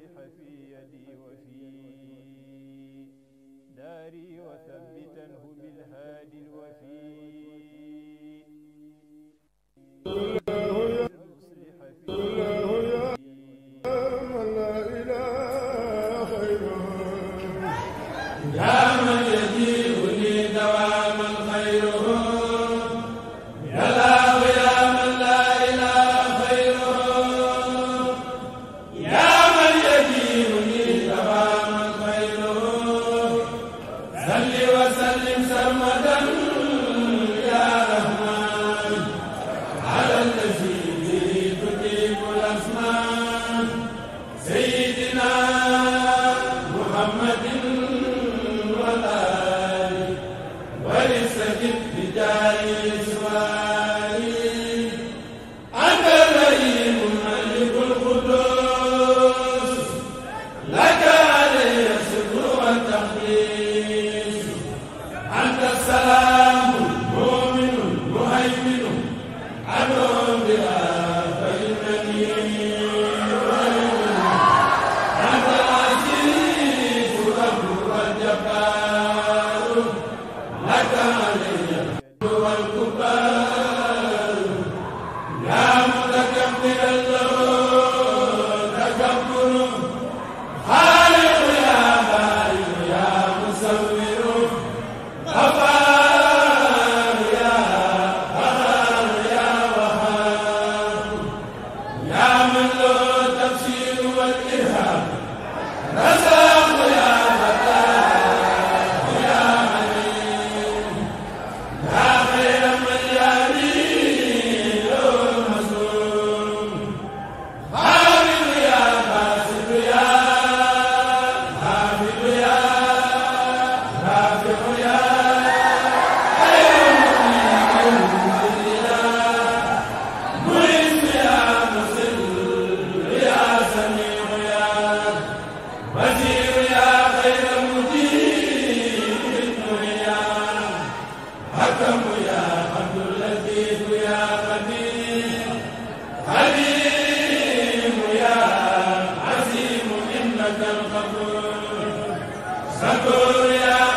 في يدي وفي داري وثبتا Sakur ya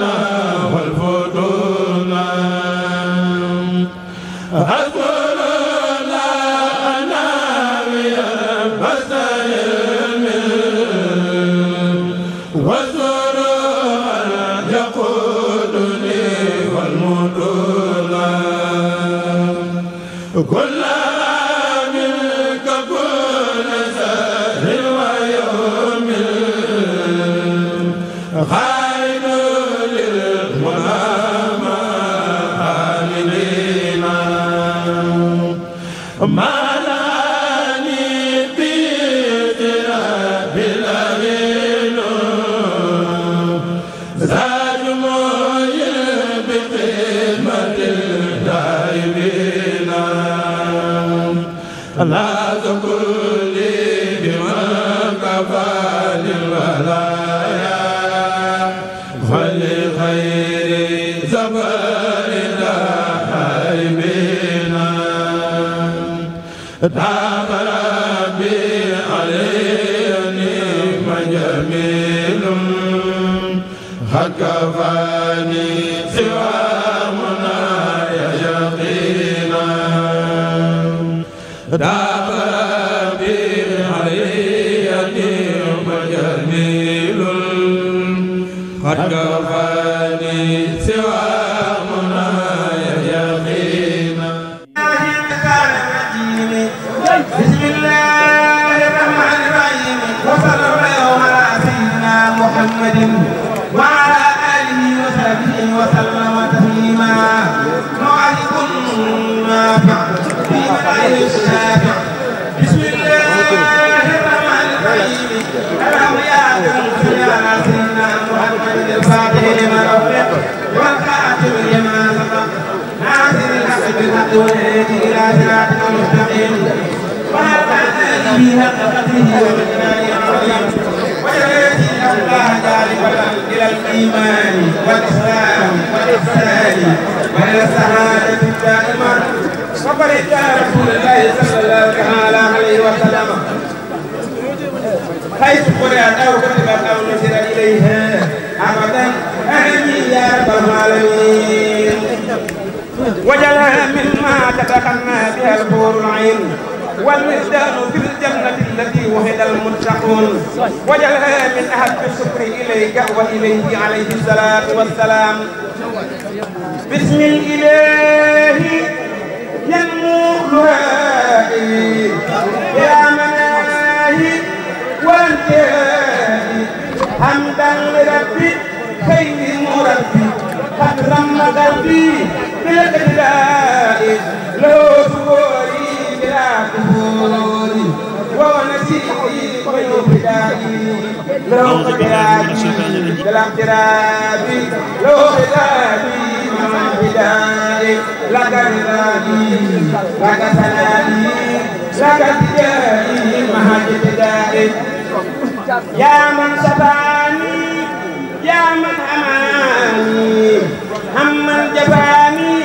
na la محمد وعلى آله وصحبه وسلم تسليما موعظكم نافع في ملاهي الشافع بسم الله الرحمن الرحيم اللهم يا صل على سيدنا محمد الفاتح لما أغلق والخاتم لما سبق ناصر الحق بالحق والهدي إلى صراطك المستقيم وهل تعتني بحق قدره ومقداره العظيم نسأل الله جالبا إلى الإيمان والإسلام والإحسان وإلى السعادة الدائمة وقد جاء رسول الله صلى الله تعالى عليه وسلم حيث قرأت أو كتبت أو نشر إليها أبدا آمين يا رب العالمين وجعلها مما تتقنى بها الحور العين والمصداق في الجنة التي وعد المتقون وجعلها من أحب الشكر إليك وإليه عليه الصلاة والسلام بسم الإله ينمو لهائي يا مناهي وانتهائي حمدا لربي خير مربي قد رمى قلبي بالابتلاء لو دخولي ونسيتي وجهداني لو قدامي بلا اقترابي لو قدامي مع بداري لك رضاني لك سلامي لك ابتدائي مع ابتدائي يا من سباني يا من أماني هم الجباني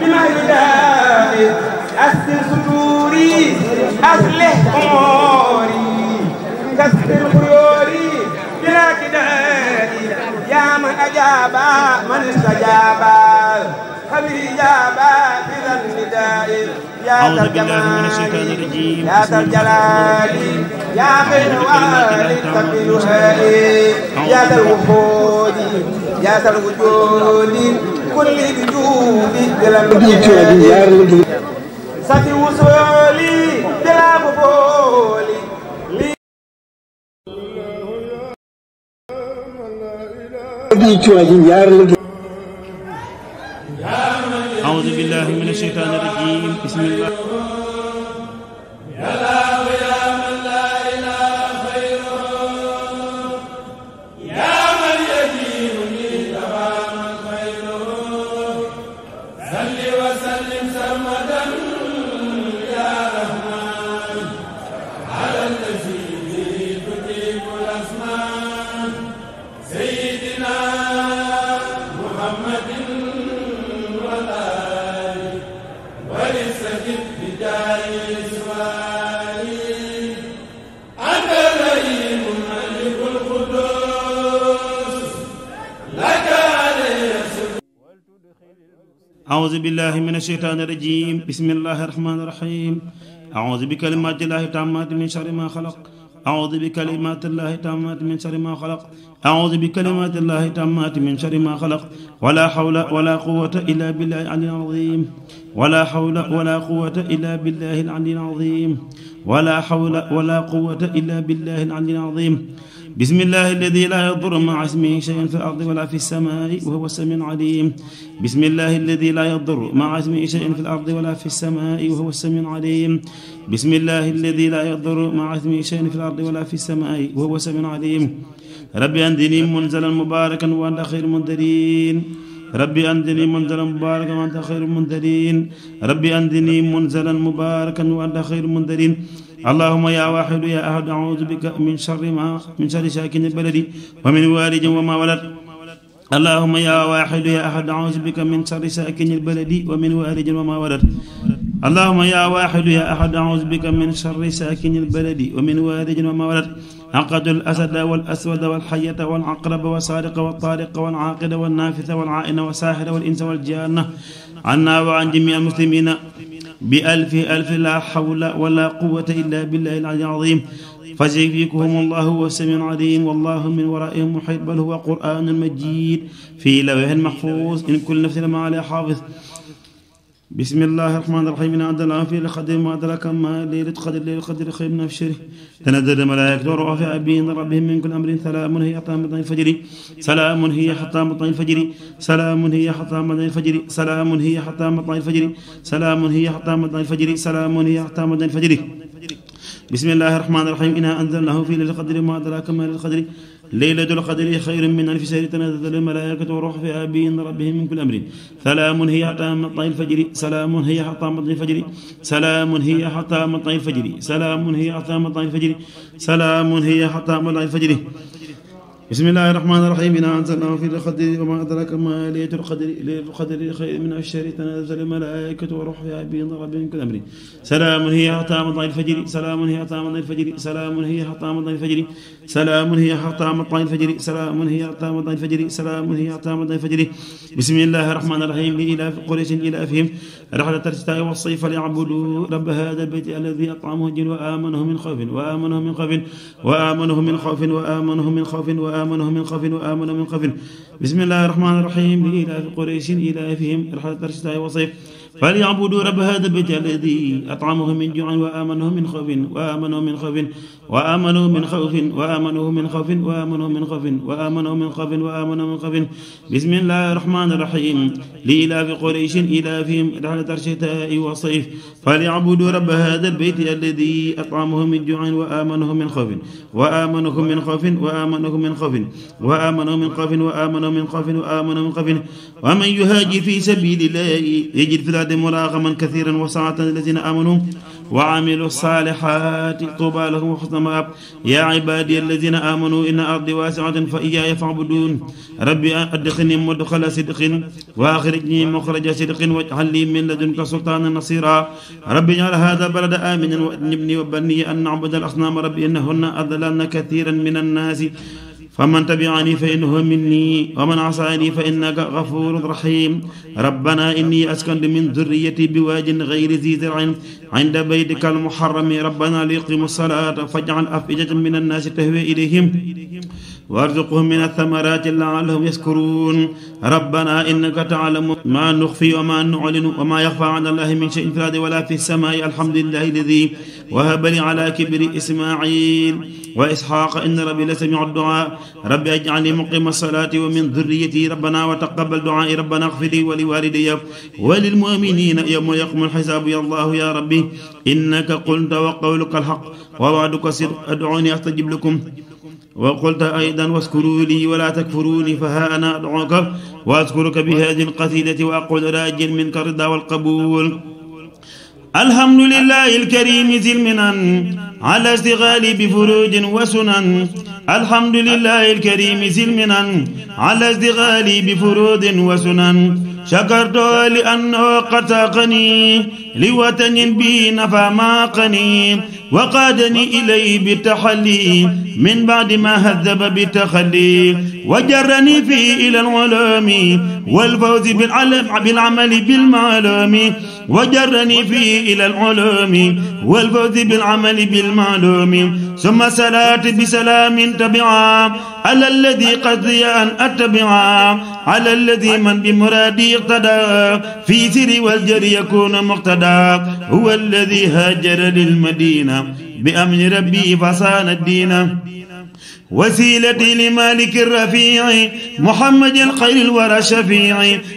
بما بدائي أسر صدوري أصلح أموري كسر خيوري بلا كداري يا من أجاب من استجاب خبري جاب بلا النداء يا ذا الجمال يا ذا الجلال يا من والد تبلها يا ذا الوفود يا ذا الوجود كل بجود بلا النداء sati wusooli dilaabu booli li أعوذ بالله من الشيطان الرجيم بسم الله أعوذ بالله من الشيطان الرجيم بسم الله الرحمن الرحيم أعوذ بكلمات الله التامات من شر ما خلق أعوذ بكلمات الله التامات من شر ما خلق أعوذ بكلمات الله التامات من شر ما خلق ولا حول ولا قوة إلا بالله العلي العظيم ولا حول ولا قوة إلا بالله العلي العظيم ولا حول ولا قوة إلا بالله العلي العظيم bismillahi alladi laa yadurru ma'a ismihi shay'un fil ardi wa laa fis samaa'i wa huwa as-samii'ul 'aliim bismillahi alladi laa yadurru ma'a ismihi shay'un fil ardi wa laa fis samaa'i wa huwa as-samii'ul 'aliim bismillahi alladi laa yadurru ma'a ismihi shay'un fil ardi wa laa fis samaa'i wa huwa as-samii'ul 'aliim rabbi anzilni munzalan mubaarakan wa anta xayrul munziliin rabbi anzilni munzalan mubaarakan wa anta xayrul munziliin rabbi anzilni munzalan mubaarakan wa anta xayrul munziliin allahuma ya waaxidu ya ahadu audu bika min charri ma min charri saakini baladi wa min waalidin wa ma walad allahuma ya waaxidu ya ahadu audu bika min charri saakini baladi wa min waalidin wa ma walad allahuma ya waaxidu ya ahadu audu bika min charri saakini baladi wa min waalidin wa ma walad عقدوا الأسد والأسود والحية والعقرب والسارق والطارق والعاقد والنافث والعائن والساحر والإنس والجانة عنا وعن جميع المسلمين bi alfi alfi la hawla wala quwwata illa billahi al-ali al-azim fasayfikihum allahu wa samiun alim wallahu min waraihim muhit bal huwa qur'anun majid fi lawhin mahfuz in kullu nafsin ma alayha hafiz بسم الله الرحمن الرحيم إن أدلى في القدر ما أدرك ما ليلة قدر ليلة قدر خير من أبشره تنزل الملائكة روح في أبين ربهم من كل أمر سلام هي حتى مطلع الفجر سلام هي حتى مطلع الفجر سلام هي حتى مطلع الفجر سلام هي حتى مطلع الفجر سلام هي حتى مطلع الفجر سلام هي حتى مطلع الفجر بسم الله الرحمن الرحيم إنا أنزلناه في ليلة القدر ما أدراك ما ليلة القدر ليلة القدر خير من ألف شهر تنزل الملائكة والروح فيها بإذن ربهم من كل أمر سلام هي حتى مطلع الفجر سلام هي حتى مطلع الفجر سلام هي حتى مطلع الفجر سلام هي حتى مطلع الفجر سلام هي حتى مطلع الفجر bismillaahi rahmaani rahiim innaa anzalnaahu fii laylatil qadri wa maa adraaka maa laylatul qadri laylatul qadri xayrun min alfi shahrin tanazzalul malaa'ikatu warruuhu fiihaa bi'izni rabbihim min kulli amrin salaamun hiya hattaa matla'il fajri salaamun hiya hattaa matla'il fajri salaamun hiya hattaa matla'il fajri salaamun hiya hattaa matla'il fajri salaamun hiya hattaa matla'il fajri salaamun hiya hattaa matla'il fajri bismillaahi rahmaani rahiim li iilaafi qurayshin iilaafihim rihlata shitaa'i wa sayfi falyabudu rabba haazal bayti allazii at'amahum wa aamanahum min xawfin wa aamanahum min xawfin wa aamanahum min xawfin wa aamanahum min xawfin آمنوا من خوف وآمنوا من خوف بسم الله الرحمن الرحيم لإيلاف قريش إيلافهم رحلة الشتاء والصيف فليعبدوا رب هذا البيت الذي أطعمهم من جوع وآمنهم من خوف وآمنهم من خوف wa amanu min xawfin wa amanu min xawfin wa amanu min xawfin wa amanu min xawfin wa amanu min xawfin bismillahi rahmani rahim li ilaafi qurayshin ilaafihim rihlata shitaa'i wa sayf falyabudu rabba haadha albayti alladi at'amahum min juu'in wa amanahum min xawfin wa amanahum min xawfin wa amanahum min xawfin wa amanahum min xawfin wa amanahum min xawfin wa amanahum min xawfin wa man yuhaajir fi sabilillahi yajid fil ardi muragaman kathiran wa saatan lillazina amanu وعملوا الصالحات طوبى لهم وحسن مآب يا عبادي الذين آمنوا إن أرضي واسعة فإياي فاعبدون ربي أدخلني مدخل صدق وأخرجني مخرج صدق واجعل لي من لدنك سلطانا نصيرا ربي اجعل هذا بلد آمنا واجنبني وبني أن نعبد الأصنام ربي إنهن أضللن كثيرا من الناس فمن تبعني فإنه مني ومن عصاني فإنك غفور رحيم ربنا إني أسكنت من ذريتي بواد غير ذي زرع عند بيتك المحرم ربنا ليقيموا الصلاة فاجعل أفئدة من الناس تهوي إليهم وارزقهم من الثمرات لعلهم يشكرون ربنا إنك تعلم ما نخفي وما نعلن وما يخفى على الله من شيء في الأرض ولا في السماء الحمد لله الذي وهبني على كبر إسماعيل وإسحاق إن ربي لسميع الدعاء ربي اجعلني مقيم الصلاة ومن ذريتي ربنا وتقبل دعائي ربنا اغفر لي ولوالدي وللمؤمنين يوم يقوم الحساب يا الله يا ربي إنك قلت وقولك الحق ووعدك صدق ادعوني أستجب لكم وقلت أيضا واشكروا لي ولا تكفروني فها أنا أدعوك وأذكرك بهذه القصيدة وأقول راجل منك الرضا والقبول الحمد لله الكريم ذي المنن على استغلال بفروج وسنن الحمد لله الكريم ذي المنن على استغلال بفروج وسنن شكرت لأنه قد ساقني لوطن بي نفى ما قني وقادني إليه بالتحلي من بعد ما هذب بالتخلي وجرني فيه إلى العلوم والفوز بالعلم بالعمل بالمعلوم وجرني فيه إلى العلوم والفوز بالعمل بالمعلوم ثم صلاة بسلام تبعا على الذي قد أن أتبعا على الذي من بمرادي اقتدى في سر والجر يكون مقتدى هو الذي هاجر للمدينة بأمن ربي فصان الدين وسيلتي لمالك الرفيع محمد خير الورى الشفيع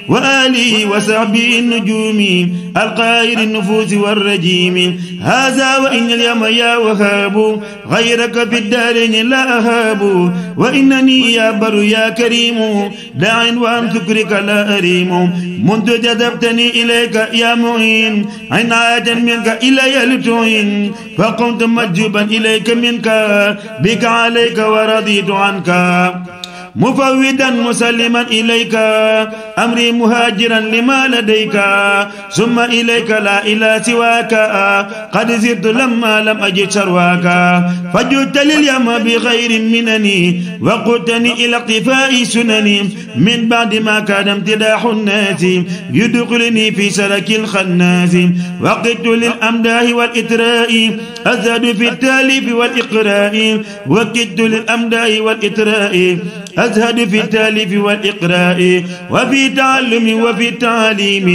وآله وصحبه النجوم القاهر النفوس والرجيم هذا وإن اليوم يا وهاب غيرك في الدارين لا أهاب وإنني يا بر يا كريم داع وأن ذكرك لا أريم منذ جذبتني إليك يا معين عناية منك إلي لتعين فقمت مجوبا إليك منك بك عليك و raditu anka mufawwidan musalliman ilayka amri muhajiran lima ladayka summa ilayka la ila siwaka qad sirtu lamma lam ajid sarwaka fajutta lilyama bi xayrin minani wa qutani ila qtifai sunani min badi ma kaana imtidaahu nnaasi yudxiluni fi saraki lxannaasi waqittu lil amdaahi wal itraa'i azadu fi taalifi wal iqraa'i waqittu lil amdaahi wal itraa'i أزهد في التاليف والإقراء وفي تعلم وفي تعليم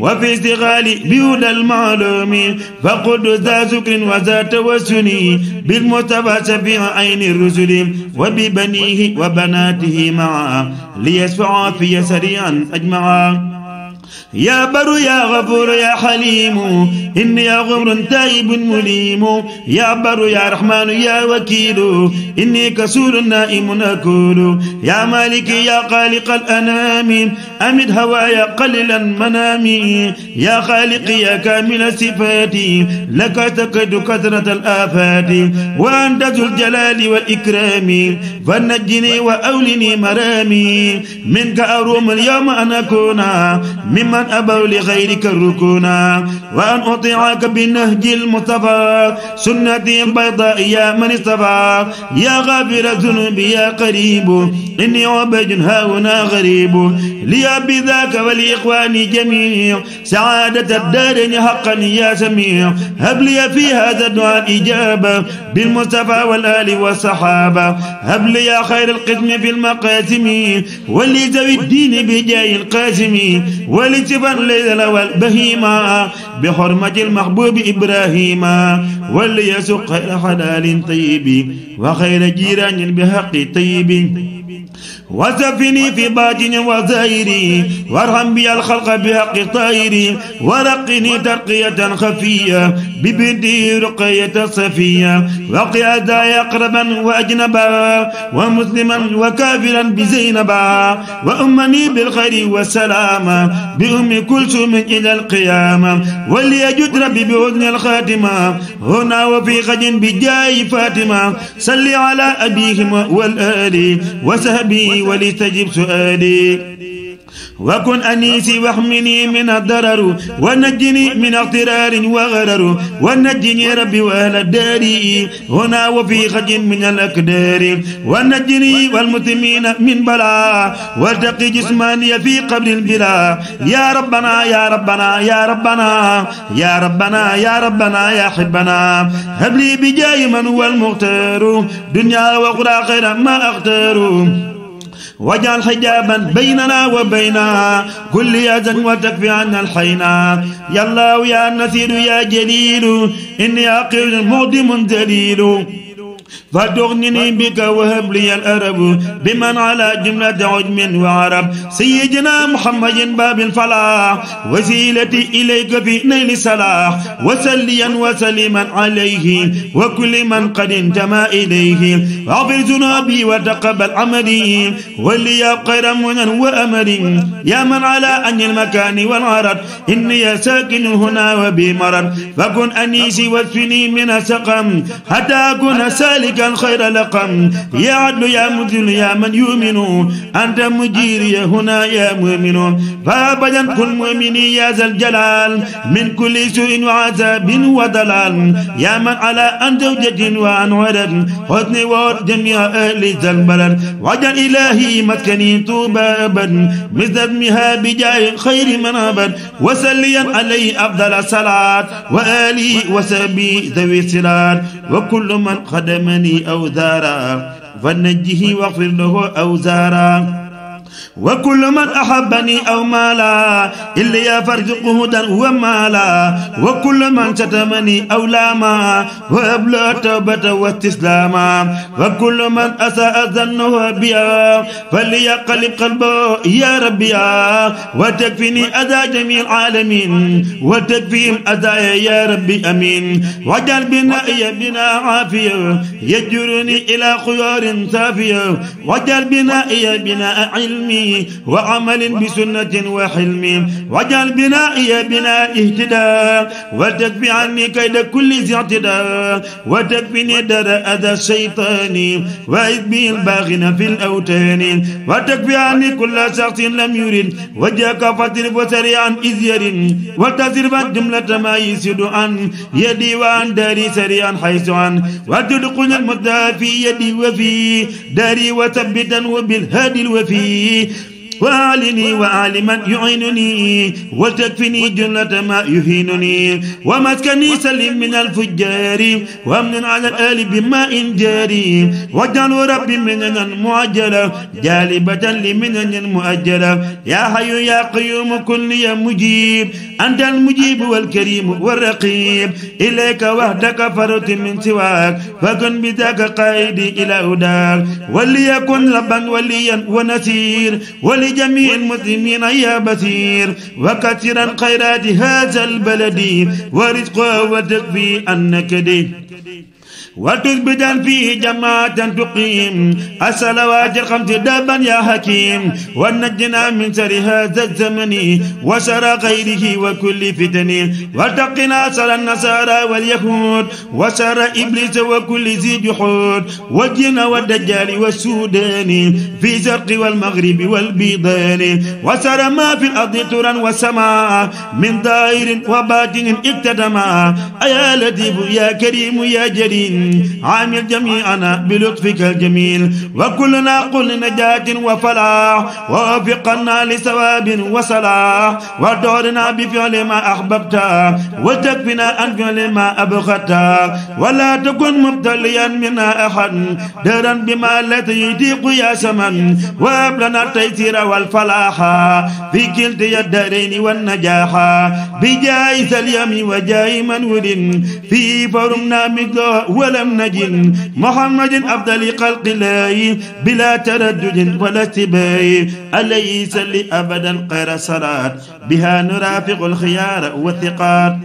وفي استغلال بهدى المعلوم فقد ذا ذكر وذا توسل بالمصطفى شفيع عين الرسل وببنيه وبناته معا ليسعى في سريعا أجمعا يا بر يا غفور يا حليم إني غفر تائب مليم يا بر يا رحمن يا وكيل إني كسول نائم أكول يا مالك يا خالق الأنام أمد هوايا قللا منامي يا خالق يا كامل صفاتي لك تكد كثرة الآفات وأنت ذو الجلال والإكرام فنجني وأولني مرامي منك أروم اليوم أن أكون ممن أبوا لغيرك الركونا وأن أطيعك بنهج المصطفى سنتي البيضاء يا من اصطفى يا غافر الذنوب يا قريب إني عبيد هاهنا غريب لي بذاك ولإخواني جميع سعادة الدارين حقا يا سميع هب لي في هذا الدعاء إجابة بالمصطفى والآل والصحابة هب لي يا خير القسم في المقاسم ولي ذوي الدين بجاه القاسم ولي ولجبا ليلة والبهيمة بحرمة المحبوب إبراهيم wala yesu xayra xalaalin tayibi wa xayra jiiraanin bi xaqi tayibi wasafini fi baatini wa zahiri warham bi alxalqa bi xaqi tayri waraqini tarqiyatan xafiya bi bidi ruqayata safiya waqi adaaya aqraban wa ajnaba wa musliman wa kaafiran bi zeynaba wa ummani bilxayri wa salaama bi ummi kulsumin ila alqiyaama wali yajud rabbi bi husni alxaatima هنا وفي غد بجاي فاطمة صل على أبيهما والآل وسهبي ولتجب سؤالي وكن أنيسي واحمني من الضرر ونجني من اغترار وغرر ونجني ربي وأهل الدار هنا وفي خج من الأكدار ونجني والمتمين من بلاء والتقي جسماني في قبر البلاء يا ربنا يا ربنا يا ربنا يا ربنا يا ربنا يا حبنا هب لي بجاي من هو المختار دنيا وأخرى خير ما أختار واجعل حجابا بيننا وبينها كل أذى وتكفي عنا الحينا يا الله يا نثير يا جليل إني أقل مقدم دليل فتغنني بك وهب لي الأرب بمن على جملة عجم وعرب سيدنا محمد باب الفلاح وسيلتي إليك في نيل الصلاح وسليا وسليما عليه وكل من قد انتمى إليه واغفر ذنوبي وتقبل عملي ولي خير منن وأملي يا من على أني المكان والعرض إني ساكن هنا وبمرض فكن أنيسي واسفني من سقم حتى أكون سالي مالك الخير لقم يا عدل يا مذل يا من يؤمن أنت مجيري هنا يا مؤمن فأبدا كن مؤمني يا ذا الجلال من كل سوء وعذاب وضلال يا من على أن زوجة وعن ولد حزن وور جميع أهل ذا البلد وجل إلهي مسكني طوبى أبدا بذمها بجاه خير من أبد وسليا عليه أفضل الصلاة وآله وسبي ذوي الصلاة وكل من خدم مني أوزارا فنجه واغفر له أوزارا وكل من أحبني أو مالا إلا يفرزقه هدى ومالا وكل من شتمني أو لاما وأبلغ توبة واستسلاما وكل من أساء ظنه بيا فليقلب قلبه يا ربي وتكفيني أذى جميع العالمين وتكفيهم أذى يا ربي أمين وجعل بنائي بنا عافية يجرني إلى خيار صافية وجعل بنائي بناء علم علمي وعمل بسنة وحلم واجعل بنائي بناء اهتداء وتكفي عني كيد كل ذي اعتداء وتكفني در أذى الشيطان وإذ به الباغين في الأوتان وتكفي عني كل شخص لم يرد وجهك فاضرب وسريعا إذ يرد وتصرف الجملة ما يسد عن يدي وعن داري سريعا حيث عن وتدخل المدى في يدي وفي داري وثبتا وبالهادي الوفي yi وأعلني وأعل من يعينني ولتكفني جملة ما يهينني ومسكني سلم من الفجار وأمن على الآل بماء جاري واجعل ربي مننا معجلة جالبة لمنن مؤجلة يا حي يا قيوم كن لي مجيب أنت المجيب والكريم والرقيب إليك وحدك فرت من سواك فكن بذاك قائدي إلى هداك وليكن لبا وليا ونسير ولي لجميع المسلمين يا بصير وكثيرا خيرات هذا البلد ورزقه وتكفي أنك دين waltus bi daan fii jamaatan tuqiim asalawaati xamsi daban yaa hakiim wa najjinaa min sari haza zamani wa sara xayrihi wa kulli fitani waltaqinaa sara nasaara walyahuud wa sara iblisa wa kulli zi juxuud wa jina wa dajjaali wa suudaani fi sarqi walmagribi walbidaani wa sara maa fi ardi turan wa samaa min daahirin wa baatinin iktadama ayaa latiifu yaa kariimu yaa jaliil عامل جميعنا بلطفك الجميل وكلنا قل نجاة وفلاح ووفقنا لثواب وصلاح ودورنا بفعل ما أحببت وتكفنا عن فعل ما أبغت ولا تكن مبتليا منا أحد درا بما لا يضيق يا سمن وهب لنا التيسير والفلاح في كلتا الدارين والنجاح بجاه سليم وجاه من ولد في فرمنا مثله ولا ولم نجد محمد أفضل خلق الله بلا تردد ولا اتباع أليس لي أبدا غير صلاة بها نرافق الخيار والثقات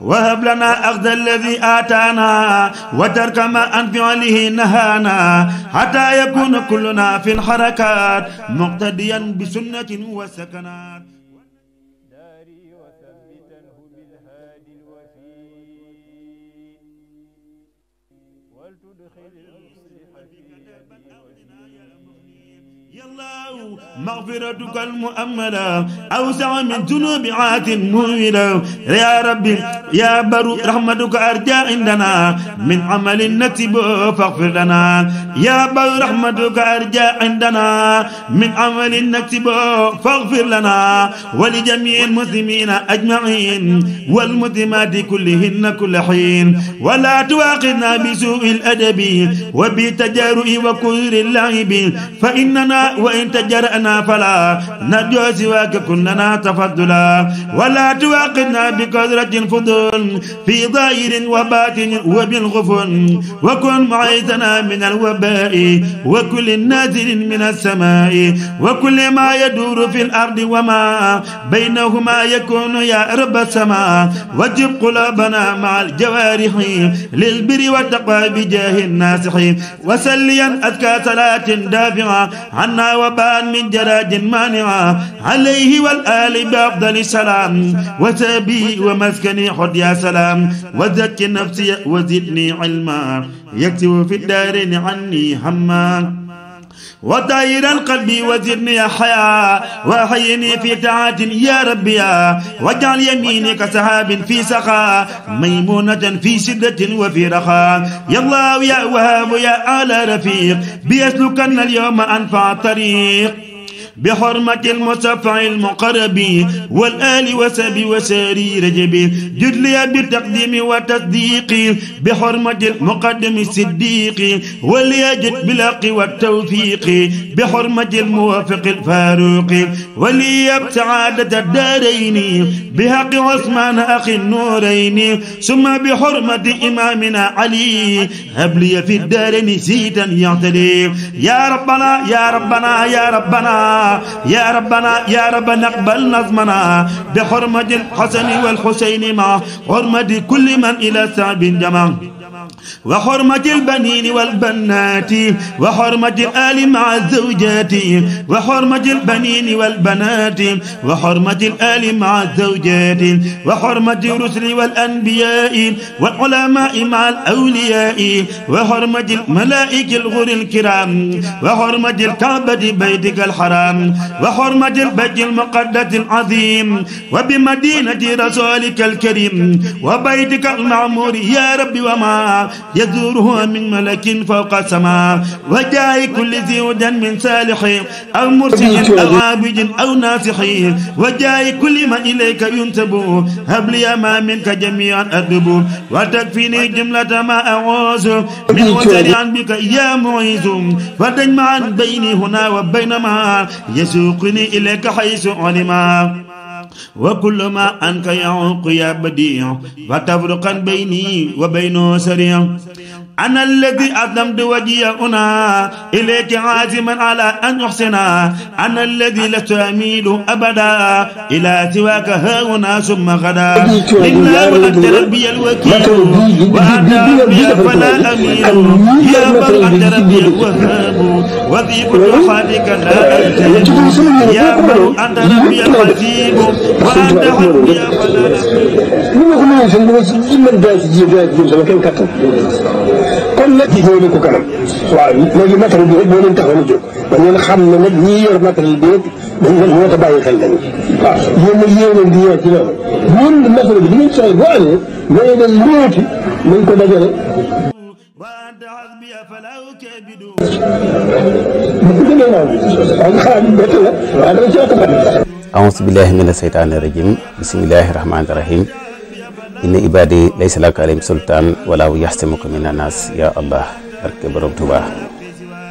وهب لنا أخذ الذي آتانا وترك ما أن فعله نهانا حتى يكون كلنا في الحركات مقتديا بسنة وسكنا مغفرتك المؤملة أوسع من ذنوب عاد مهملة يا ربي يا بر رحمتك أرجى عندنا من عمل نكسب فاغفر لنا يا بر رحمتك أرجى عندنا من عمل نكسب فاغفر لنا ولجميع المسلمين أجمعين والمسلمات كلهن كل حين ولا تواخذنا بسوء الأدب وبتجرؤ وكثر اللعب فإننا وإن تجرأنا لنا فلا نرجو سواك كن لنا تفضلا ولا تواقدنا بكثرة الفضل في ظاهر وباطن وبالغفل وكن معيتنا من الوباء وكل نازل من السماء وكل ما يدور في الأرض وما بينهما يكون يا رب السماء وجب قلوبنا مع الجوارح للبر والتقوى بجاه الناصح وسليا أذكى صلاة دافعة عنا وبان من جراد مانعا عليه والآل بأفضل سلام وتابي ومسكني حد يا سلام وزكي نفسي وزدني علما يكتب في الدارين عني هما ودائر القلب وزرني يا حياة وأحيني في طاعة يا ربي واجعل يمينك سحاب في سخاء ميمونة في شدة وفي رخاء يا الله يا وهاب يا آل رفيق بيسلكن اليوم أنفع طريق بحرمة المصطفى المقرب والآل وسبي وساري رجبي جدلي بتقديم وتصديق بحرمة المقدم الصديق وليجد بالحق والتوفيق بحرمة الموافق الفاروق وليب سعادة الدارين بحق عثمان أخي النورين ثم بحرمة إمامنا علي هبلي في الدارين سيدا يعتلي يا ربنا يا ربنا يا ربنا يا ربنا يا ربنا اقبل نظمنا بحرمة الحسن والحسين مع حرمة كل من إلى سعب جمع وحرمة البنين والبنات وحرمة الآل مع الزوجات وحرمة البنين والبنات وحرمة الآل مع الزوجات وحرمة الرسل والأنبياء والعلماء مع الأولياء وحرمة الملائكة الغر الكرام وحرمة الكعبة بيتك الحرام وحرمة البيت المقدس العظيم وبمدينة رسولك الكريم وبيتك المعمور يا رب وما يزوره من ملك فوق السماء وجاء كل ذي هدى من صالح أو مرسل أو عابد أو ناصح وجاء كل من إليك ينسب هب لي ما منك جميعا أطلب وتكفيني جملة ما أعوز من وسريعا بك يا معيز فتجمعا بيني هنا وبين ما يسوقني إليك حيث علما وكل ما أنك يعوق يا بديع فتفرقا بيني وبينه سريع ana alladi aslamtu wajhiya una ilayka aziman ala an uhsina ana alladi lastu amilu abada ila siwaka hauna summa gada inna anta rabbi alwakilu wa anta rabbi fala amilu ya bar anta rabbi alwahabu wa dhibu rahmatika la altahimu ya bar anta rabbi alqasimu wa anta rabbi fala amilu ëllëg ci ñëw leen ko kanam waaw léegi matériel bi rek moo leen taxoon a jóg ba ngeen xam ne nag ñii yor matériel bi rek dañ leen moo ta bàyyi xel lañu waaw yéen nag yéen leen di ñëw ci loolu bu wóor matériel bi di ngeen soxla boo amee ngay dem looti nañ ko dajale auzu billahi mina seytaani rajim bismillahi rahmaani rahim inna ibaadi laysa laka alayhim sultaan walaaw yaxsimuka min annaas ya allah barke borom tuba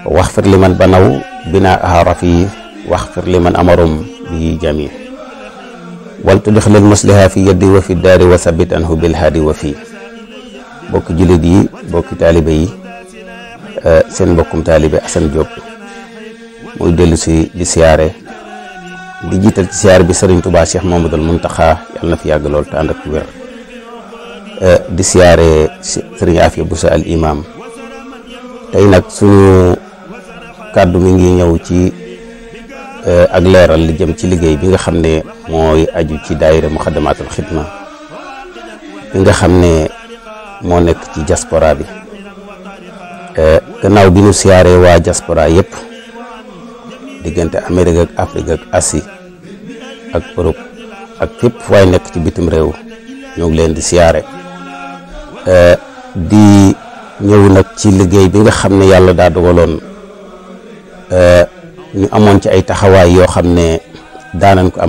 waxfir li man banaw bina aarafi waxfir li man amarum bihi jami wal tudix lil musliha fi yaddi wa fi daari wa sabit anhu bil haadi wa fi bokki jullit yi bokki taalibe yi eh, seen mbokkum taalibe Assane Diop muy dellu si di siyaare di jiital ci siyaare bi sëriñ tubaa cheikh mamadul muntaxa yàlla na fi yàgg lool te ànd ak Eh, di siyaare sëriñ Afia Boussa al imam tey nag suñu kàddu mi ngi ñëw ci eh, ak leeral li jëm ci liggéey bi nga xam ne mooy aju ci daayira muxaddamaatul xidma bi nga xam ne moo nekk ci diaspora bi eh, gannaaw bi ñu siyaare waa diaspora yëpp diggante Amérique ak Afrique ak Asie ak Europe ak fépp waaye nekk ci bitim réew ñoo ngi leen di siyaare Eh, di ñëw nag ci liggéey bi nga xam ne yàlla daa dogaloon eh, ñu amoon ci ay taxawaay yoo xam ne daanañ ko am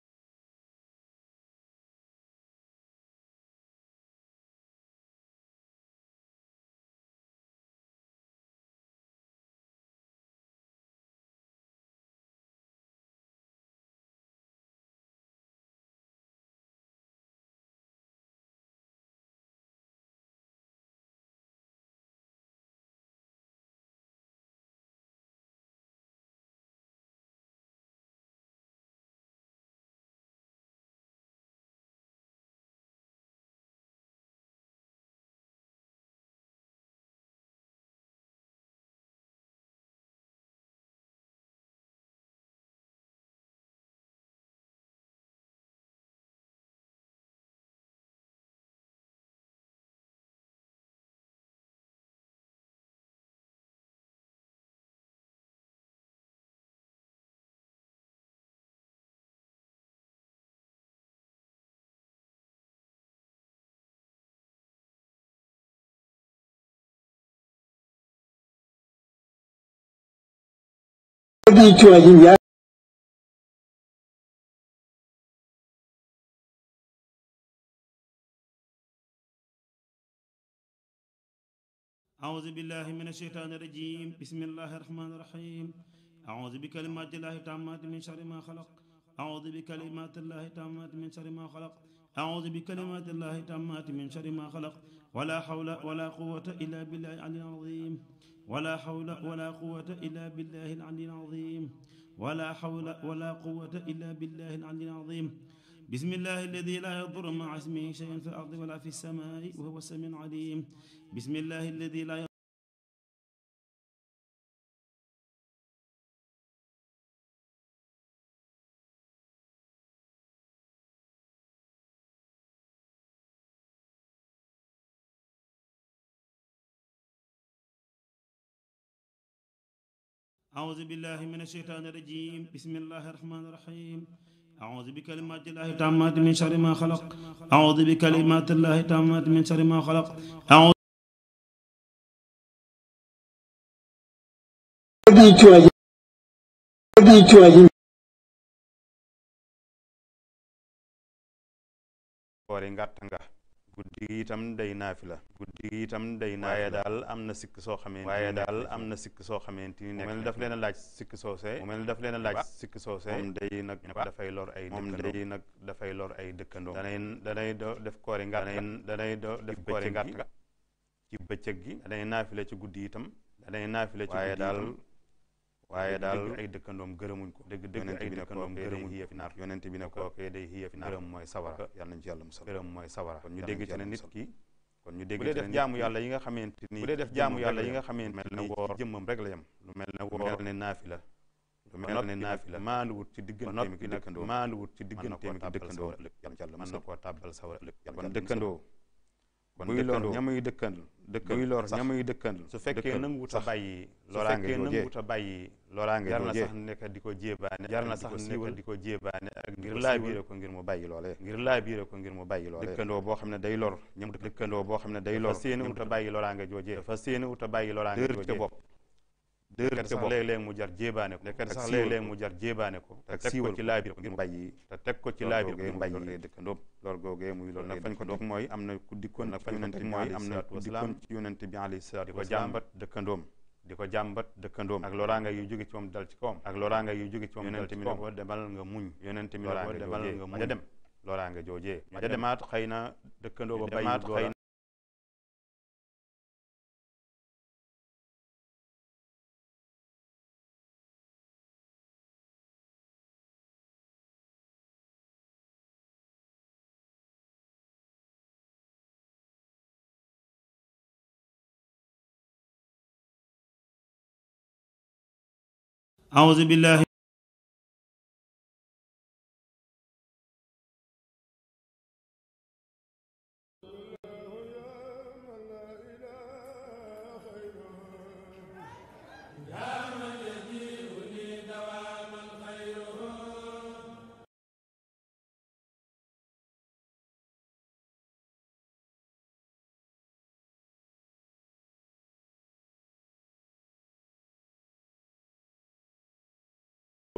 أبي يا أعوذ بالله من الشيطان الرجيم بسم الله الرحمن الرحيم أعوذ بكلمات الله التامات من شر ما خلق أعوذ بكلمات الله التامات من شر ما خلق أعوذ بكلمات الله التامات من شر ما خلق ولا حول ولا قوة إلا بالله العلي العظيم ولا حول ولا قوة إلا بالله العلي العظيم ولا حول ولا قوة إلا بالله العلي العظيم بسم الله الذي لا يضر مع اسمه شيء في الأرض ولا في السماء وهو السميع العليم بسم الله الذي لا أعوذ بالله من الشيطان الرجيم بسم الله الرحمن الرحيم أعوذ بكلمات الله تامات من شر ما خلق أعوذ بكلمات الله تامات من شر ما خلق أعوذ Ore ngattanga guddi gi itam day naafila guddi gi itam day naafila waaye daal am na sikk soo xamee waaye daal am na sikk soo xamante ni nekk mel daf leen a laaj sikk soosee mu mel daf leen a laaj sikk soosee moom day nag dafay lor ay moom day nag dafay lor ay dëkkandoo danay danay do def koori ngàtt danay do def koori ngàtt ci bëccëg gi danay la ci guddi itam danay naafila ci guddi waaye daal waaye daal ay dëkkandoom gërëmuñ ko dëkkandoom gërëmuñ ko fi naar yonent bi ko kookee day xiya fi naar gërëm mooy sawara yàlla nañ ci yàlla musal gërëm mooy ñu dégg kon ñu yàlla yi nga xamante ni bu dee def jaamu yàlla yi nga xamante ni mel na la yem na woor ne naafi la lu mel ne naafi la maanduwut ci digganteem ki dëkkandoo maanduwut ci digganteem ki dëkkandoo mën na ñamuy dëkkandoo dëkkal buy lor ñamuy dëkkal su fekkee nanguwut a bàyyi loraange su fekkee nanguwut a bàyyi loraange na sax nekk di ko jéebaane jar na sax nekk di ko jéebaane ak ngir laa biire ko ngir mu bàyyi loolee ngir laa biire ko ngir mu bàyyi loolee dëkkandoo boo xam ne day lor ñam dëkkandoo boo xam ne day lor dafa séeni wut a bàyyi loraange joojee dafa séeni wut a bàyyi loraange bopp dëgg sax léeg-léeg mu jar jéebaane ko nekkat sax léeg-léeg mu jar jéebaane ko te teg ko ci laaj bi ngir bàyyi te teg ko ci laaj bi dëkkandoom loolu googee muy loolu nag fañ ko dog mooy am na ku dikkoon nag fañ ko jàmbat di ko jàmbat dëkkandoom ak loraanga yu jóge ci moom dal ci kawam ak loraanga yu jóge ci moom demal nga muñ yonente mi ne ko demal nga demaat xëy na dëkkandoo ba bàyyi أعوذ بالله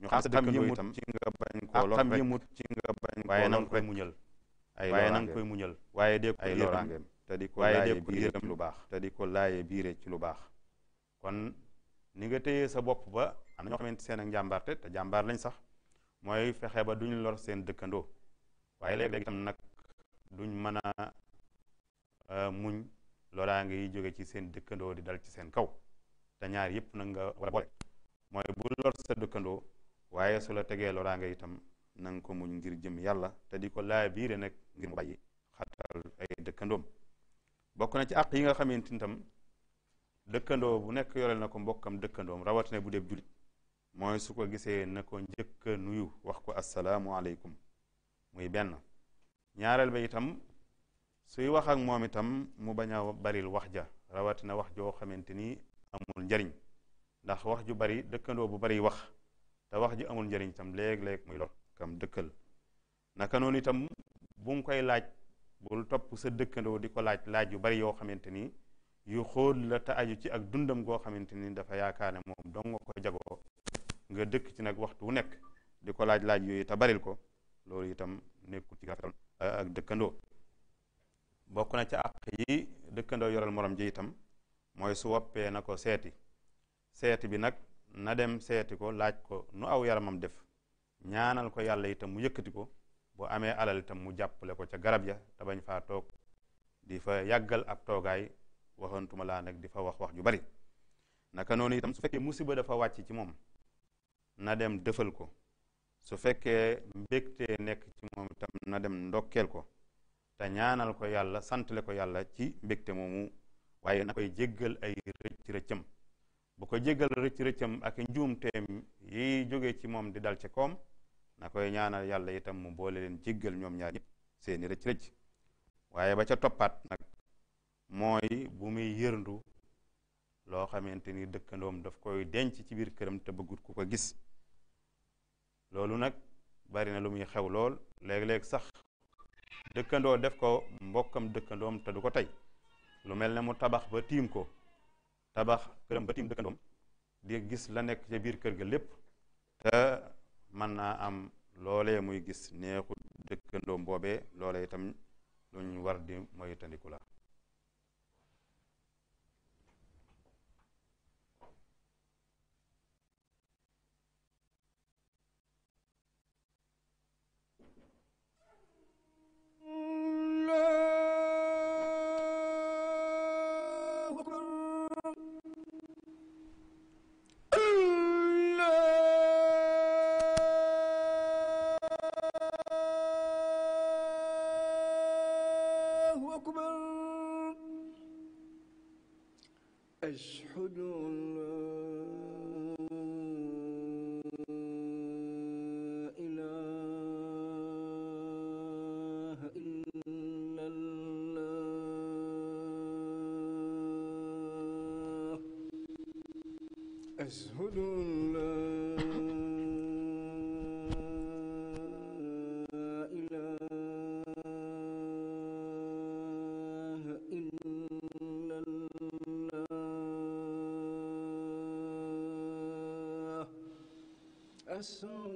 ñu xam yëmut ci nga bañ koo lor rek yëmut ci nga bañ waaye nanga koy muñal waaye nanga koy muñal waaye dee ko ay loraangeem te di ko laaye biire ci lu baax te di ko laaye biire ci lu baax kon ni nga téye sa bopp ba am na ñoo xamante seen ak njàmbaarte te jàmbaar lañ sax mooy fexe ba duñ lor seen dëkkandoo waaye léeg-léeg itam nag duñ mën a euh, muñ loraange yi jóge ci seen dëkkandoo di dal ci seen kaw te ñaar yépp nag nga war a boole mooy bu lor sa dëkkandoo waaye su la tegee loraanga itam na nga ko muñ ngir jëm yàlla te di ko laa biire nag ngir mu bàyyi xatal ay dëkkandoom bokk na ci àq yi nga xamante ni tam dëkkandoo bu nekk yoreel na ko mbokkam dëkkandoom rawatina bu dee jullit mooy su ko gisee na ko njëkk nuyu wax ko asalaamualeykum muy benn ñaareel ba itam suy wax moom itam mu bañ a baril wax ja rawatina wax joo xamante ni amul njariñ ndax wax ju bari dëkkandoo bu bari wax te wax ji amul njëriñ tam léeg-léeg muy lor kam dëkkal naka noonu itam bu mu koy laaj bul topp sa dëkkandoo di ko laaj laaj yu bari yoo xamante ni yu xóot la te aju ci ak dundam goo xamante ni dafa yaakaar ne moom dong nga ko jagoo nga dëkk ci nag waxtu wu nekk di ko laaj laaj yooyu te baril ko loolu itam nekkul ci rafetal ah, ak dëkkandoo bokk na ca àq yi dëkkandoo yoral morom ji itam mooy su woppee na ko seeti seeti bi nag na dem seeti ko laaj ko nu aw yaramam def ñaanal ko yàlla itam mu yëkkati ko bu amee alal itam mu jàppale ko ca garab ya te bañ faa toog di fa yàggal ab toogaay waxantuma laa nag di fa wax wax ju bari naka noonu itam su fekkee musiba dafa wàcc ci moom na dem dëfal ko su fekkee mbégtee nekk ci moom itam na dem ndokkeel ko te ñaanal ko yàlla santale ko yàlla ci mbégte moomu waaye na koy jéggal ay rëcc rëccam bu ko jéggal rëcc rëccam ak njuumteem yi jóge ci moom di dal ci koom na koy ñaanal yàlla itam mu boole leen jéggal ñoom ñaar ñëpp seeni rëcc waaye ba ca toppaat nag mooy bu muy yërndu loo xamante ni dëkkandoom daf koy denc ci biir këram te bëggut ku ko gis loolu nag bari na lu muy xew lool léeg-léeg sax dëkkandoo def ko mbokkam dëkkandoom te du ko tey lu mel ne mu tabax ba tiim ko tabax këram ba tiim dëkkandoom di gis la nekk ca biir kër ga lépp te mën naa am loole muy gis neexu dëkkandoom boobee loolee itam luñ war di moytandiku la la أشهد أن لا إله إلا الله أشهد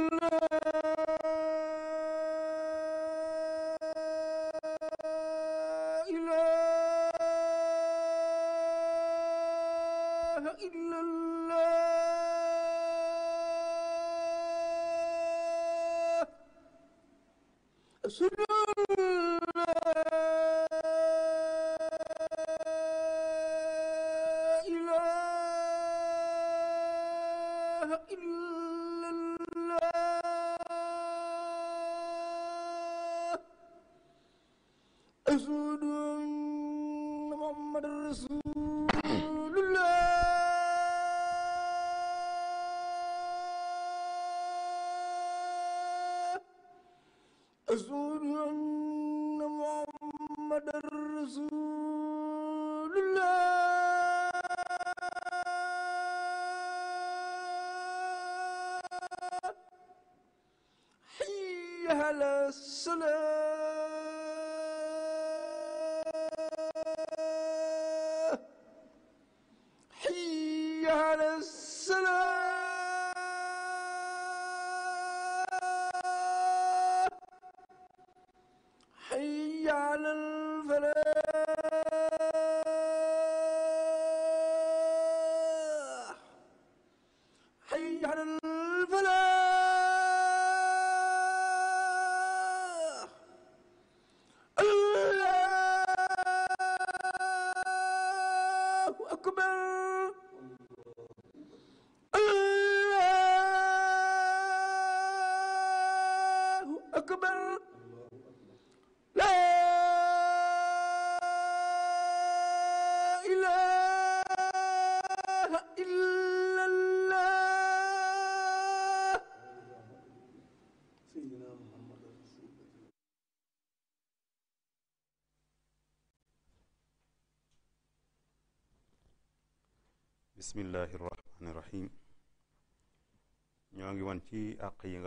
إله إلا أهل السلام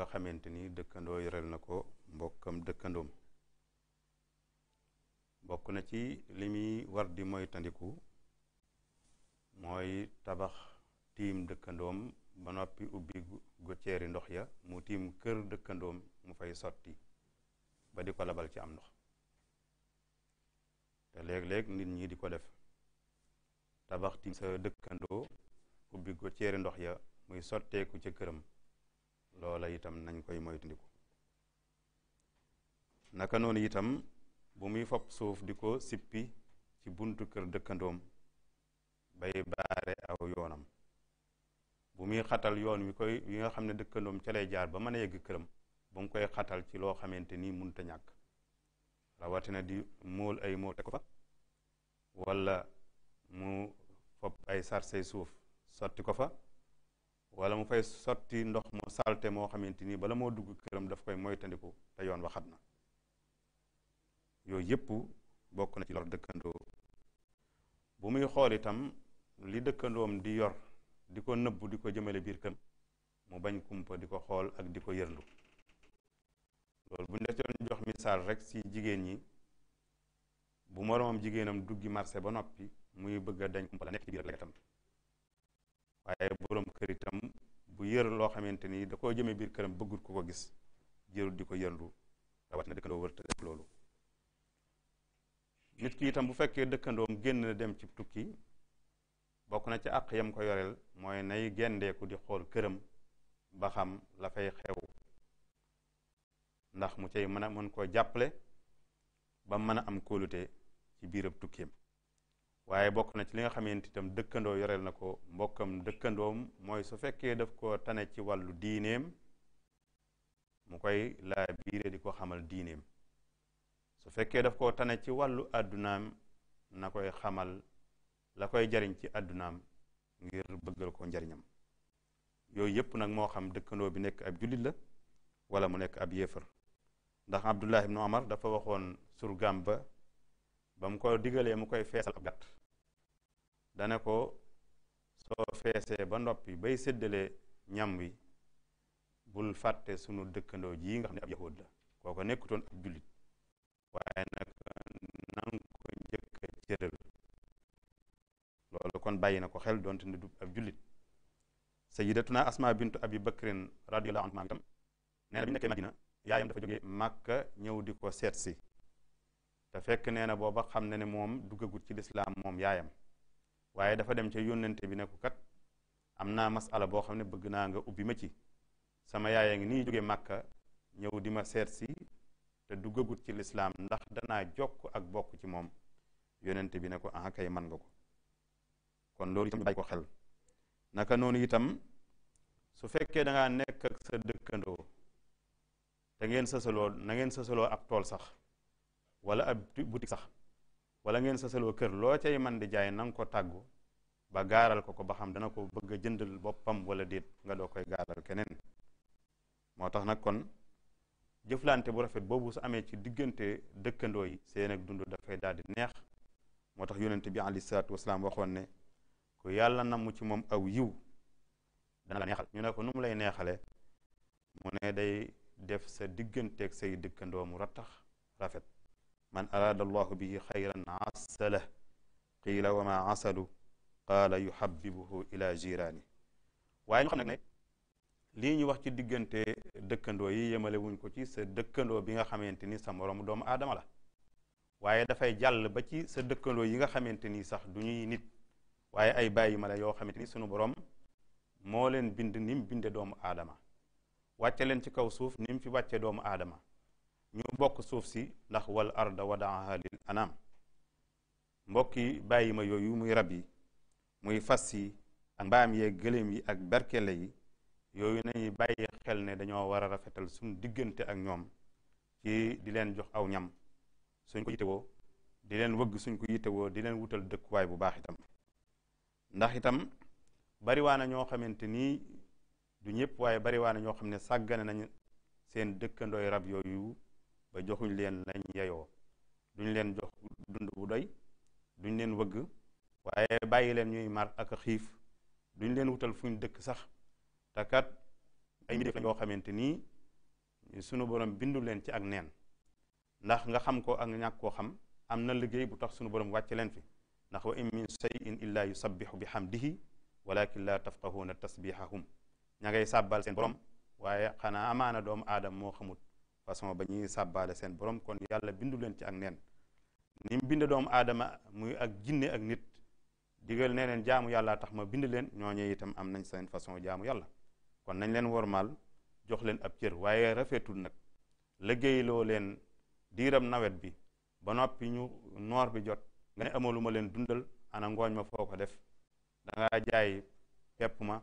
nga xamante ni dëkkandoo yoreel na ko mbokkam dëkkandoom bokk na ci li muy war di moytandiku mooy tabax tiim dëkkandoom ba noppi ubbi goccéeri ndox ya mu tiim kër dëkkandoom mu fay sotti ba di ko labal ci am ndox te léeg-léeg nit ñi di ko def tabax tiim sa dëkkandoo ubbi goccéeri ndox ya muy sotteeku ca këram itam nañ koy moytandiku naka noonu itam bu muy fob suuf di ko sippi ci buntu kër dëkkandoom bay baare aw yoonam bu muy xatal yoon wi koy yi nga xam ne dëkkandoom ca lay jaar ba mën a yegg këram bu mu koy xatal ci loo xamante ni munta ñàkk rawatina di mool ay mool teg ko fa wala mu fob ay sarsay suuf sotti ko fa wala mu fay sotti ndox mu salte moo xamante ni bala moo dugg këram daf koy moytandiku te yoon waxat na yooyu yépp bokk na ci lor dëkkandoo bu muy xool itam li dëkkandoom di yor di ko nëbbu di ko jëmale biir këram mu bañ kumpa di ko xool ak di ko yërlu loolu bu ñu doon jox misaal rek ci jigéen ñi bu moroomam jigéenam duggi marché ba noppi muy bëgg a dañ kumpa la nekk ci biir legetam waaye boroom kër itam bu yër loo xamante ni da koo jëmee biir këram bëggut ko ko gis jërul di ko yërlu rawat na dëkkandoo wërta def loolu nit ki itam bu fekkee dëkkandoom génn na dem cib tukki bokk na ci àq yam ko yoreel mooy nay gendeeku di xool këram ba xam la fay xew ndax mu cay mën a mën koo jàppale ba mën a am kóolute ci biirab tukkeem waaye bokk na ci li nga xamante itam dëkkandoo yoreel na ko mbokkam dëkkandoom mooy su fekkee daf koo tane ci wàllu diineem mu koy laa biire di ko xamal diineem su fekkee daf koo tane ci wàllu àddunaam na koy xamal la koy jariñ ci àddunaam ngir bëggal ko njariñam yooyu yépp nag moo xam dëkkandoo bi nekk ab jullit la wala mu nekk ab yéefar ndax abdullah ibnu omar dafa waxoon surgaam ba ba mu ko digalee mu koy feesal ab gàtt dana ko soo feesee ba noppi bay séddale ñam wi bul fàtte sunu dëkkandoo ji nga xam ne ab yahud la kooko nekkutoon ab jullit waaye nag kon bàyyi na ko xel doonte ne du ab jullit sayyidatuna asma bintu abi bakrin radiyallahu anha itam nee na bi nekkee madina yaayam dafa jógee màkka ñëw di ko seet si te fekk nee na booba xam ne ne moom duggagut ci lislaam moom yaayam waaye dafa dem ca yónnante bi ne ko kat am naa masala boo xam ne bëgg naa nga ubbi ma ci sama yaaya ngi nii jóge màkka ñëw di ma seet si te duggagut ci lislaam ndax danaa jokk ak bokk ci moom yónnante bi ne ko ah kay man nga ko kon loolu itam ñu bàyyi ko xel naka noonu itam su fekkee dangaa nekk ak sa dëkkandoo te ngeen sësaloo na ngeen sësaloo ab tool sax wala ab boutique sax wala ngeen sa sasaloo kër loo cay man di jaay na nga ko tàggu ba gaaral ko ko ba xam dana ko bëgg a jëndal boppam wala déet nga doo koy gaaral keneen moo tax nag kon jëflante bu rafet boobu su amee ci diggante dëkkandoo yi seen ak dund dafay daal di neex moo tax yonent bi alayhi salaatu wasalaam waxoon ne ku yàlla na mu ci moom aw yiw dana ñu ne ko nu mu lay neexale mu ne day def sa digganteeg say dëkkandoo mu rattax rafet man araada allahu bihi xayran asala qiila wa ma asalu qaala yuhabibuhu ila jiraani waaye ñu xam ne lii ñu wax ci diggante dëkkandoo yi yemale wuñ ko ci sa dëkkandoo bi nga xamante ni sa moroom doomu aadama la waaye dafay jàll ba ci sa dëkkandoo yi nga xamante ni sax du ñuy nit waaye ay bàyyi ma la yoo xamante ni sunu borom moo leen bind nim mu doomu aadama wàcce leen ci kaw suuf ni mu fi wàcce doomu aadama ñu bokk suuf si ndax wal arda wadaaha lil anam mbokki bàyyi ma yooyu muy rab yi muy fas yi ak mbaam yee gëléem yi ak berkele yi yooyu nañuy bàyyi xel ne dañoo war a rafetal suñ diggante ak ñoom ci di leen jox aw ñam suñ ko yitewoo di leen wëgg suñ ko yitewoo di leen wutal dëkkuwaay bu baax itam ndax itam bariwaana ñoo xamante nii du ñëpp waaye bariwaana ñoo xam ne sàggane nañu seen dëkkandooy rab yooyu ba joxuñ leen lañ yeyoo duñ leen jox dund bu doy duñ leen wëgg waaye bàyyi leen ñuy mar ak xiif duñ leen wutal fuñ dëkk sax te kat ay mbir yoo xamante nii sunu boroom bindu leen ci ak neen ndax nga xam ko ak ñàkk koo xam am na liggéey bu tax sunu boroom wàcc leen fi ndax wa in min shay'in illaa bi hamdihi walakin la tafqahuuna tasbihahum ña ngay sàbbal seen borom waaye xanaa amaana doomu aadama moo xamut façon ba ñuy sàbbaale seen borom kon yàlla bindu leen ci ak neen ni mu bind doomu aadama muy ak jinne ak nit digal nee leen jaamu yàlla tax ma bind leen ñooñu itam am nañ seen façon jaamu yàlla kon nañ leen wormaal jox leen ab cër waaye rafetul nag liggéeyloo leen diiram nawet bi ba noppi ñu noor bi jot nga ne amalu ma leen dundal ana ngooñ ma foo ko def danga jaay pepp ma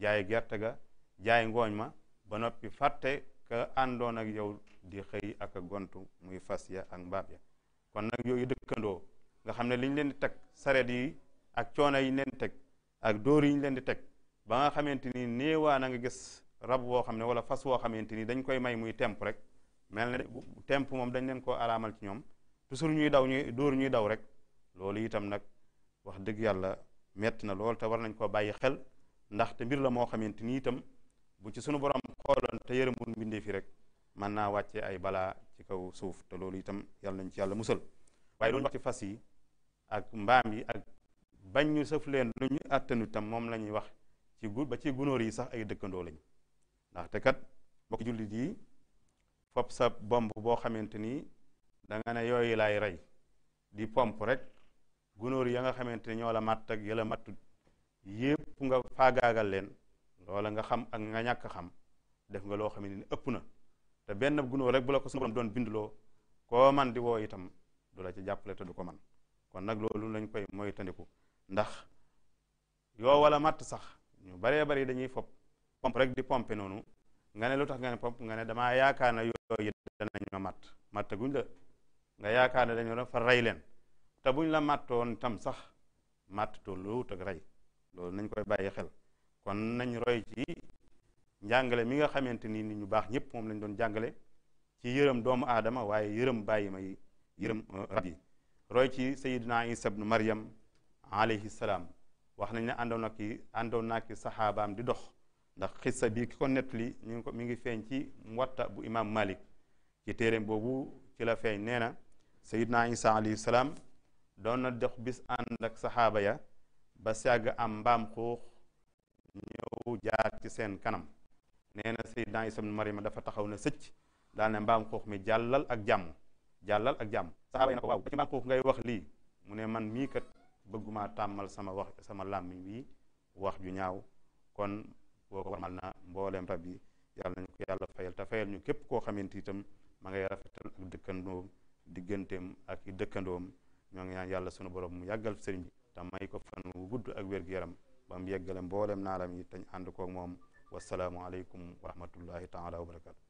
jaay gerte ga jaay ngooñ ma ba noppi fàtte ka àndoon ak yow di xëy ak a gontu muy fas ya ak mbaam ya kon nag yooyu dëkkandoo nga xam ne li ñu leen di teg saret yi ak coono yi ñu leen di teg ak door yi ñu leen di teg ba nga xamante ni néewaa na nga gis rab woo xam ne wala fas woo xamante ni dañ koy may muy temp rek mel ne temp moom dañ leen koo alaamal ci ñoom toujours ñuy daw ñuy dóor ñuy daw rek loolu itam nag wax dëgg yàlla metti na lool te war nañ ko bàyyi xel ndaxte mbir la moo xamante ni bu ci sunu borom xooloon te yërëmul mbindee fi rek mën naa wàccee ay balaa ci kaw suuf te loolu itam yàlla nañ ci yàlla musal waaye loolu wax ci fas yi ak mbaam yi ak bañ ñu sëf leen lu ñu àttanu tam moom lañuy wax ci gu ba ci gunóor yi sax ay dëkkandoo lañ ndaxte kat mbokk jullit yi fopp sa bomb boo xamante ni da nga ne yooyu laay rey di pomp rek gunóor ya nga xamante ni ñoo la matt ak yëla mattut yépp nga faagaagal leen loola nga xam ak nga ñàkk xam def nga loo xam ne ëpp na te benn gunóor rek bu la ko suñu doon bindloo ko man di woo itam du la ci jàppale te du ko man kon nag loolu lañ koy mooy tandiku ndax yoo wala matt sax ñu baree bari dañuy fopp pompe rek di pompe noonu nga ne lu tax nga ne pompe nga ne damaa yaakaar ne yooyu danañ ma matt matt guñ la nga yaakaar ne dañoo fa rey leen te buñ la mattoon tam sax matt tolluwut teg rey loolu nañ koy bàyyi xel kon nañ roy ci njàngale mi nga xamante ni nit ñu baax ñëpp moom lañ doon jàngale ci yërëm doomu aadama waaye yërëm bàyyi may yi yërëm euh, rab yi roy ci sayidina isa ibnu maryam alayhi salaam wax nañ ne àndoon ak ki àndoon naa ki saxaabaam di dox ndax xissa bi ki ko ñu ngi ko mi ngi feeñ ci muwatta bu imaam malik ci téeréem boobu ci la feeñ nee na sayidina isa alayhi salaam doon na dox bis ànd ak saxaaba ya ba sàgg am mbaam xuux ñëw jaar ci seen kanam nee na Seydina Isa ibn Maryam dafa taxaw na sëcc daal ne mbaam xuux mi jàllal ak jàmm jàllal ak jàmm saxaaba yi ne ko ngay wax lii mu ne man mii kat bëgguma tàmmal sama wax sama làmmiñ wi wax ju ñaaw kon boo ko warmal na mbooleem rab yi yàlla nañu koy yàlla fayal te fayal ñu képp koo xamante itam ma ngay rafetal ak dëkkandoom digganteem ak i dëkkandoom ñoo ngi ñaan yàlla sunu borom mu yàggal sëriñ bi te may ko fan wu gudd ak wér yaram ba mu yeggale mboolem naalam yi tañ ànd koog moom wasalaamualeykum wa rahmatullahi taala wa barakatu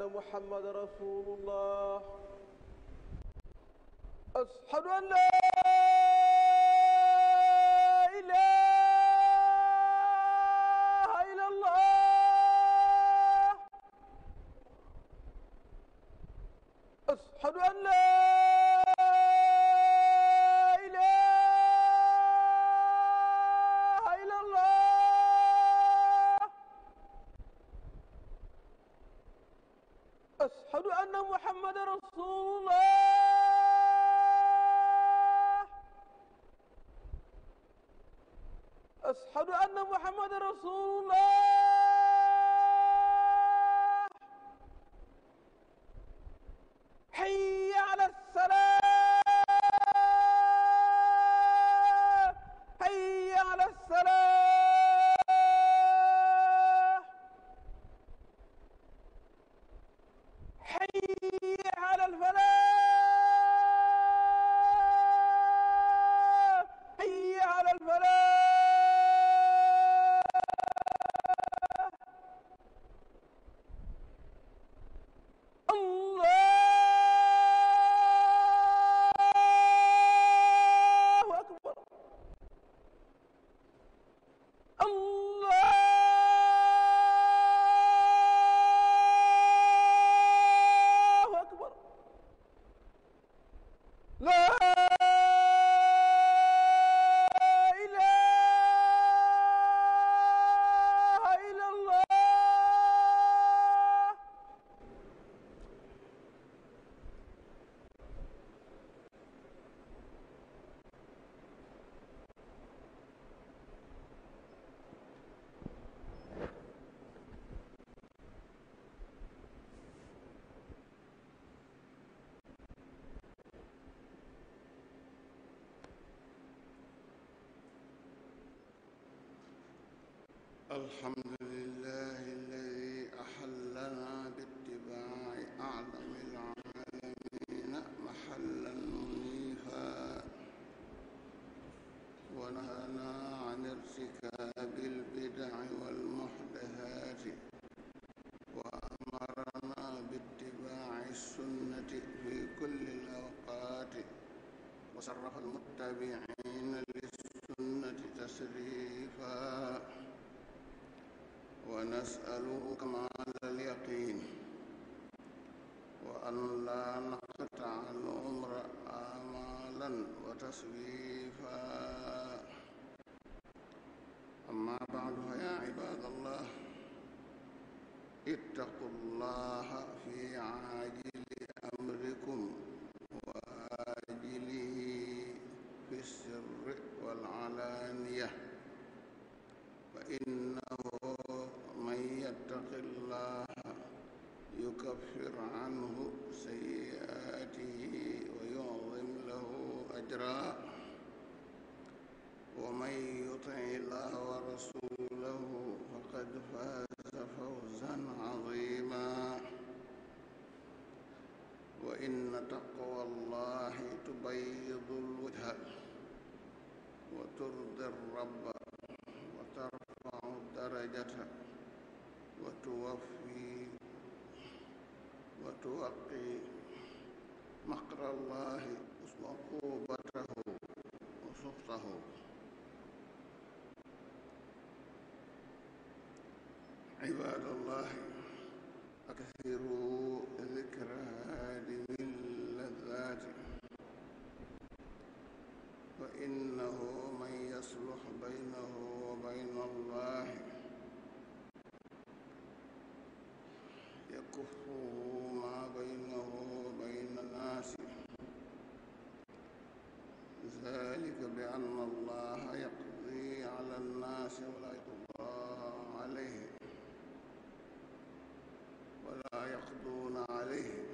أن محمد رسول الله أشهد أن لا محمد رسول الحمد لله الذي أحلنا باتباع أعلم العالمين محلا منيها ونهانا عن ارتكاب البدع والمحدثات وأمرنا باتباع السنة في كل الأوقات وصرف المتبعين للسنة تسريعا ونسألك معاذ اليقين وأن لا نقطع العمر آمالا وتسويفا أما بعد فيا عباد الله اتقوا الله في عاجل وتوفي وتوقي مقر الله وعقوبته وسخطه عباد الله أكثروا ذكر هذه اللذات فإنه من يصلح بينه وبين الله وكفه ما بينه وبين الناس ذلك بأن الله يقضي على الناس ولا يقضى عليه ولا يقضون عليه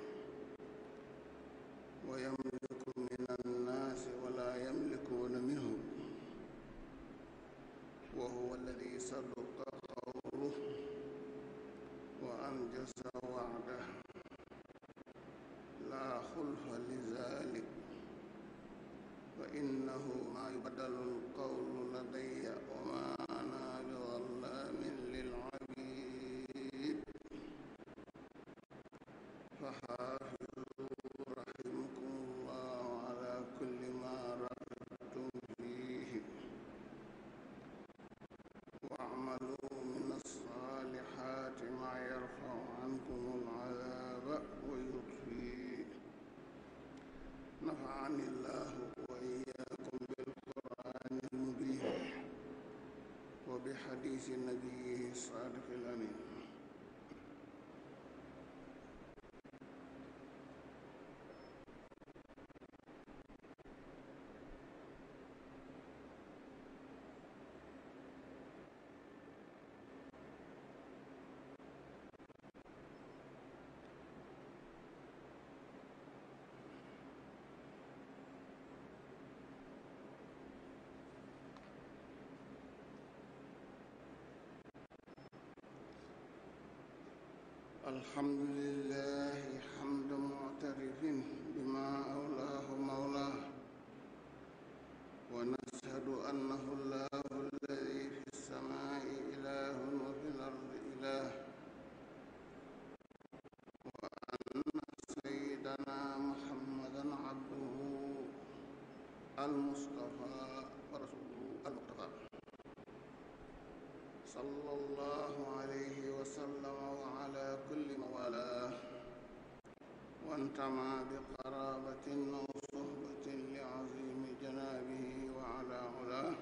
حديث نبيه الصادق الأمين الحمد لله حمد معترف بما أولاه مولاه ونشهد أنه مع بقرابة أو صحبة لعظيم جنابه وعلى علاه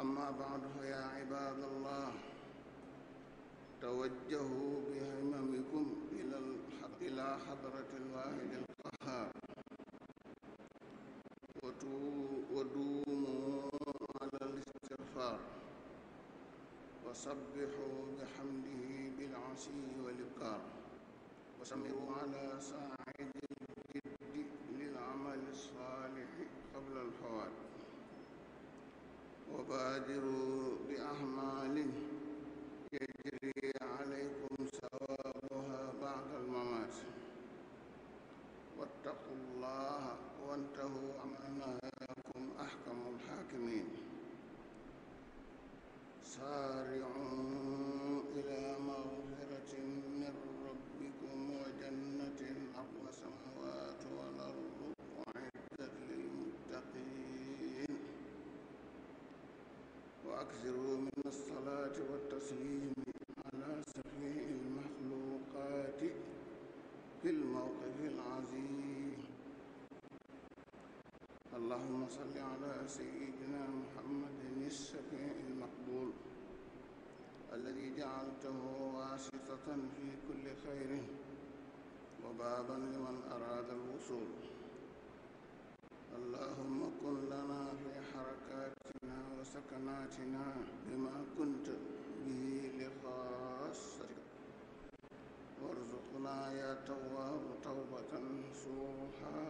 أما بعد فيا عباد الله توجهوا بهممكم إلى إلى حضرة الواحد القهار ودوموا على الاستغفار وسبحوا بحمده بالعشي والإبكار وسمروا على ساعد الجد للعمل الصالح قبل الفوات وبادروا بأعمال يجري عليكم ثوابها بعد الممات واتقوا الله وانتهوا أمانا يكم أحكم الحاكمين سارعوا وأكثروا من الصلاة والتسليم على سميع المخلوقات في الموقف العظيم اللهم صل على سيدنا محمد الشفيع المقبول الذي جعلته واسطة في كل خير وبابا لمن أراد الوصول اللهم كن لنا سكناتنا بما كنت به لخاصتك وارزقنا يا تواب توبة نصوحا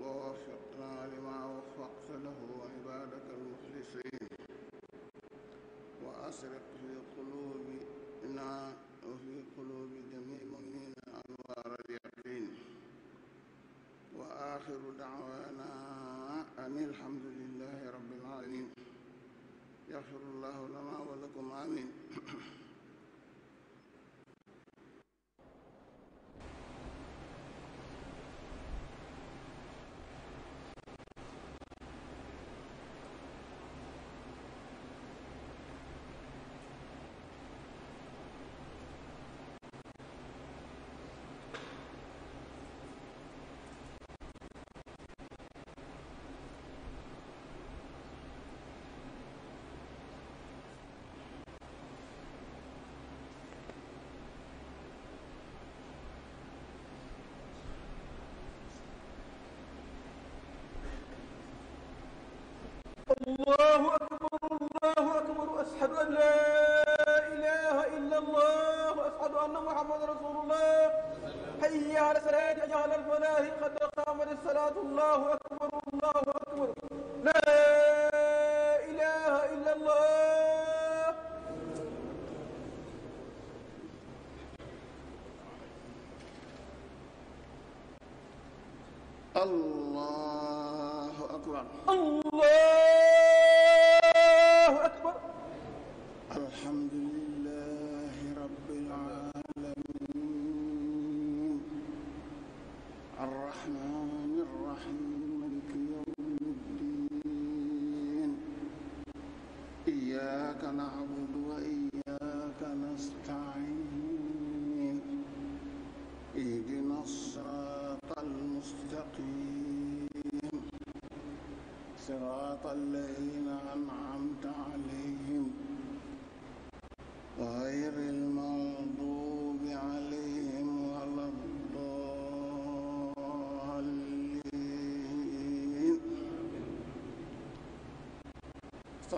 ووفقنا لما وفقت له عبادك المخلصين وأسرق في قلوبنا وفي قلوب جميع المؤمنين أنوار اليقين وآخر دعوانا آمين الحمد لله رب العالمين يغفر الله لنا ولكم آمين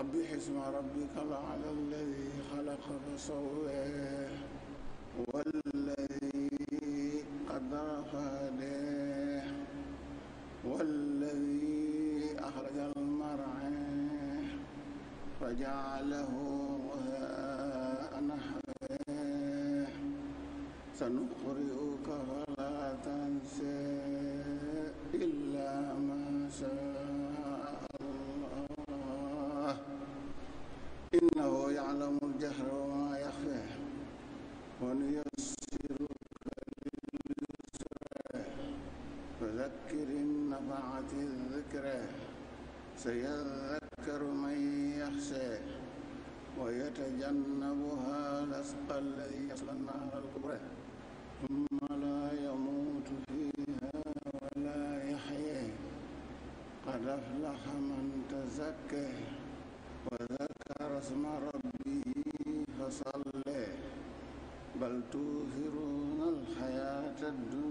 سبح اسم ربك الأعلى الذي خلق فسوى والذي قدر فهداه والذي أخرج المرعى فجعله غثاء نحواه سنقرئك فلا سيذكر من يخشى ويتجنبها الأسقى الذي يصلى النار الكبرى ثم لا يموت فيها ولا يحيى قد أفلح من تزكى وذكر اسم ربه فصلى بل تؤثرون الحياة الدنيا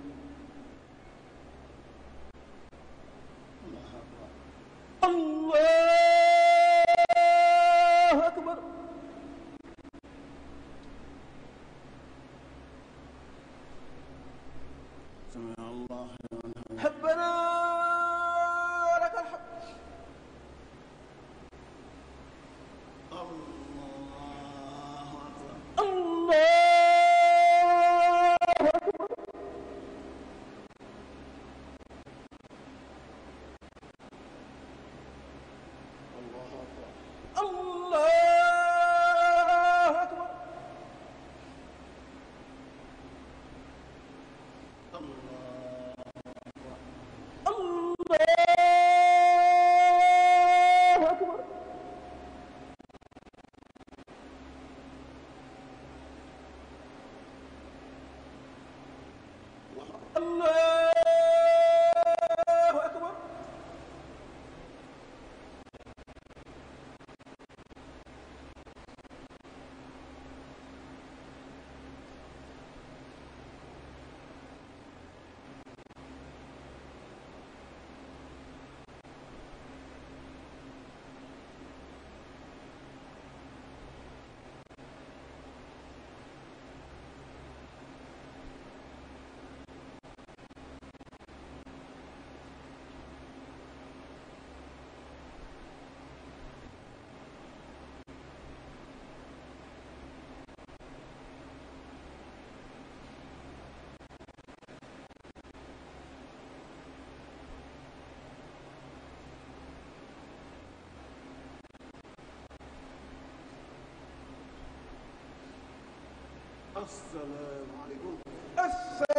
السلام عليكم السلام